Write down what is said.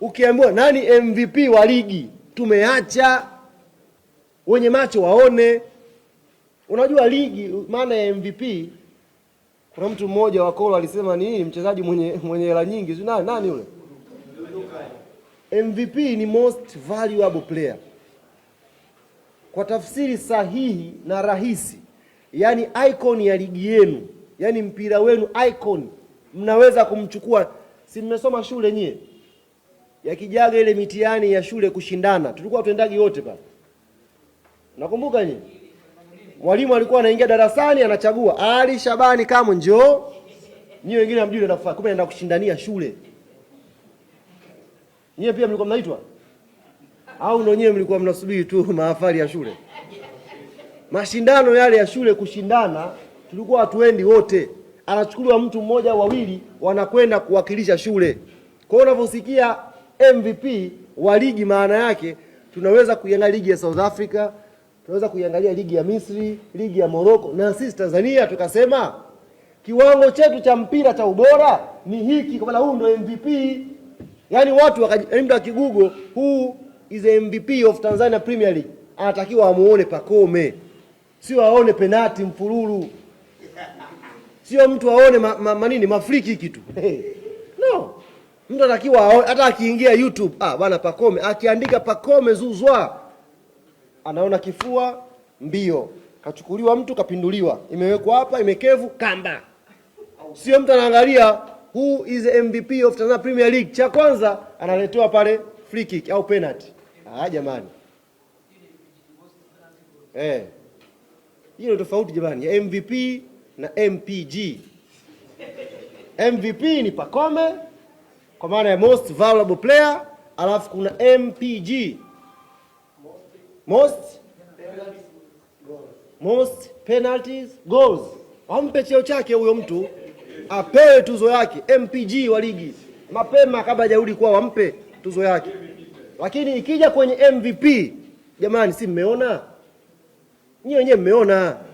Ukiambiwa nani MVP wa ligi, tumeacha wenye macho waone. Unajua ligi maana ya MVP. Kuna mtu mmoja wa Kolo alisema ni mchezaji mwenye mwenye hela nyingi, si nani nani yule? MVP ni most valuable player kwa tafsiri sahihi na rahisi, yaani icon ya ligi yenu, yaani mpira wenu icon, mnaweza kumchukua. Si mmesoma shule nyie? yakijaga ile mitihani ya shule kushindana, tulikuwa tuendagi wote pale. Nakumbuka nyinyi, mwalimu alikuwa anaingia darasani anachagua Ali Shabani kama njoo, nyinyi wengine hamjui nafaa, kumbe anaenda kushindania shule. Nyinyi pia mlikuwa mnaitwa au ndio nyewe mlikuwa mnasubiri tu mahafali ya shule? Mashindano yale ya shule kushindana, tulikuwa hatuendi wote, anachukuliwa mtu mmoja wawili, wanakwenda kuwakilisha shule. Kwa hiyo unavyosikia MVP wa ligi. Maana yake tunaweza kuiangalia ligi ya South Africa, tunaweza kuiangalia ligi ya Misri, ligi ya Morocco na sisi Tanzania tukasema kiwango chetu cha mpira cha ubora ni hiki, kwa maana huu ndio MVP. Yaani watu wakaenda yaani wakigugo, huu is the MVP of Tanzania Premier League, anatakiwa amuone Pakome, sio aone penati mfululu, sio mtu aone ma, ma, manini mafriki kitu Mtu atakiwa hata akiingia YouTube, ah bwana Pacome, akiandika Pacome Zuzwa anaona kifua mbio, kachukuliwa mtu kapinduliwa, imewekwa hapa, imekevu kamba. Sio mtu anaangalia who is MVP of Tanzania Premier League, cha kwanza analetewa pale free kick au penalty. Ah jamani, eh, hiyo ni tofauti jamani ya MVP na MPG. MVP ni Pacome kwa maana ya most valuable player, alafu kuna MPG most most penalties goals. Wampe cheo chake huyo mtu, apewe tuzo yake MPG wa ligi mapema kabla hajarudi kwao, wampe tuzo yake. Lakini ikija kwenye MVP, jamani, si mmeona nyinyi wenyewe mmeona